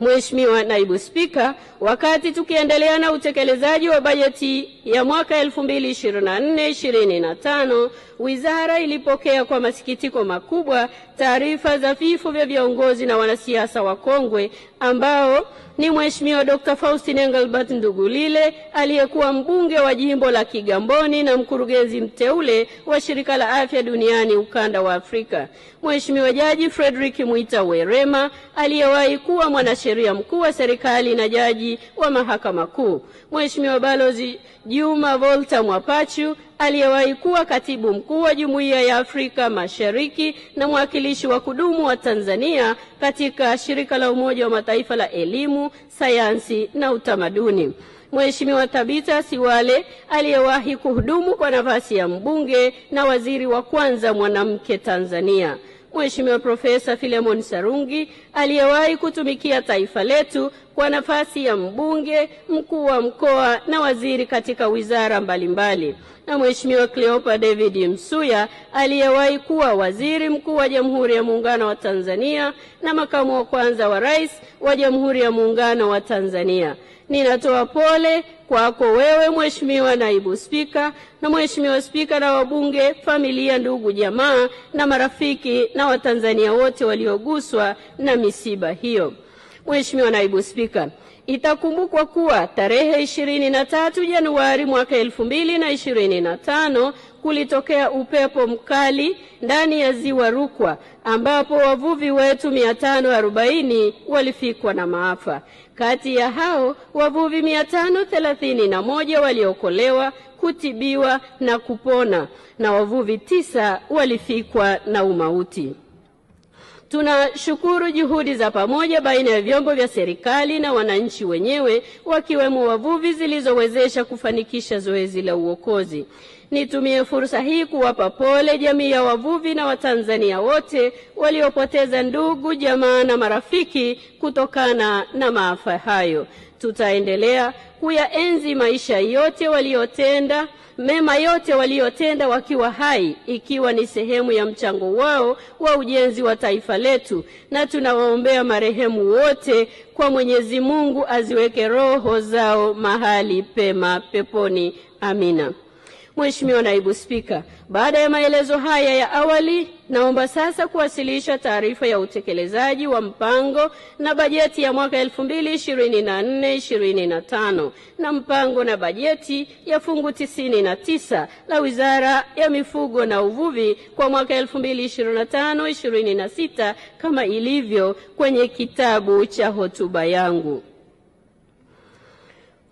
Mheshimiwa Naibu Spika, wakati tukiendelea na utekelezaji wa bajeti ya mwaka 2024-2025, wizara ilipokea kwa masikitiko makubwa taarifa za vifo vya viongozi na wanasiasa wakongwe ambao ni Mheshimiwa Dr. Faustin Engelbert Ndugulile aliyekuwa mbunge wa jimbo la Kigamboni na mkurugenzi mteule wa Shirika la Afya Duniani ukanda wa Afrika, Mheshimiwa Jaji Frederick Mwita Werema aliyewahi kuwa mwanasheria mkuu wa serikali na jaji wa Mahakama Kuu, Mheshimiwa Balozi Juma Volta Mwapachu aliyewahi kuwa katibu mkuu wa Jumuiya ya Afrika Mashariki na mwakilishi wa kudumu wa Tanzania katika Shirika la Umoja wa Mataifa la Elimu, Sayansi na Utamaduni. Mheshimiwa Tabita Siwale aliyewahi kuhudumu kwa nafasi ya mbunge na waziri wa kwanza mwanamke Tanzania. Mheshimiwa Profesa Filemon Sarungi aliyewahi kutumikia taifa letu kwa nafasi ya mbunge, mkuu wa mkoa na waziri katika wizara mbalimbali, na Mheshimiwa Cleopa David Msuya aliyewahi kuwa waziri mkuu wa Jamhuri ya Muungano wa Tanzania na makamu wa kwanza wa rais wa Jamhuri ya Muungano wa Tanzania. Ninatoa pole kwako wewe Mheshimiwa Naibu Spika na Mheshimiwa Spika na wabunge, familia, ndugu, jamaa na marafiki na Watanzania wote walioguswa na misiba hiyo. Mheshimiwa Naibu Spika, itakumbukwa kuwa tarehe 23 Januari mwaka 2025 kulitokea upepo mkali ndani ya ziwa Rukwa ambapo wavuvi wetu 540 walifikwa na maafa. Kati ya hao wavuvi 531 waliokolewa, kutibiwa na kupona na wavuvi tisa walifikwa na umauti. Tunashukuru juhudi za pamoja baina ya vyombo vya serikali na wananchi wenyewe wakiwemo wavuvi zilizowezesha kufanikisha zoezi la uokozi. Nitumie fursa hii kuwapa pole jamii ya wavuvi na Watanzania wote waliopoteza ndugu, jamaa na marafiki kutokana na maafa hayo tutaendelea kuyaenzi maisha yote waliyotenda, mema yote waliyotenda wakiwa hai, ikiwa ni sehemu ya mchango wao wa ujenzi wa taifa letu, na tunawaombea marehemu wote kwa Mwenyezi Mungu aziweke roho zao mahali pema peponi. Amina. Mheshimiwa Naibu Spika, baada ya maelezo haya ya awali, naomba sasa kuwasilisha taarifa ya utekelezaji wa mpango na bajeti ya mwaka 2024-2025 na mpango na bajeti ya fungu 99 la Wizara ya Mifugo na Uvuvi kwa mwaka 2025-2026 kama ilivyo kwenye kitabu cha hotuba yangu.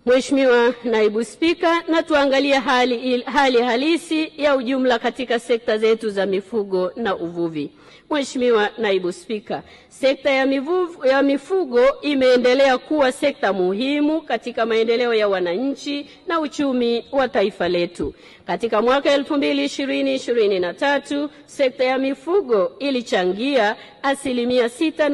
Mheshimiwa Naibu Spika, na tuangalie hali, hali halisi ya ujumla katika sekta zetu za mifugo na uvuvi. Mheshimiwa Naibu Spika, sekta ya, mivuvu, ya mifugo imeendelea kuwa sekta muhimu katika maendeleo ya wananchi na uchumi wa taifa letu. Katika mwaka 2020-2023 sekta ya mifugo ilichangia asilimia sita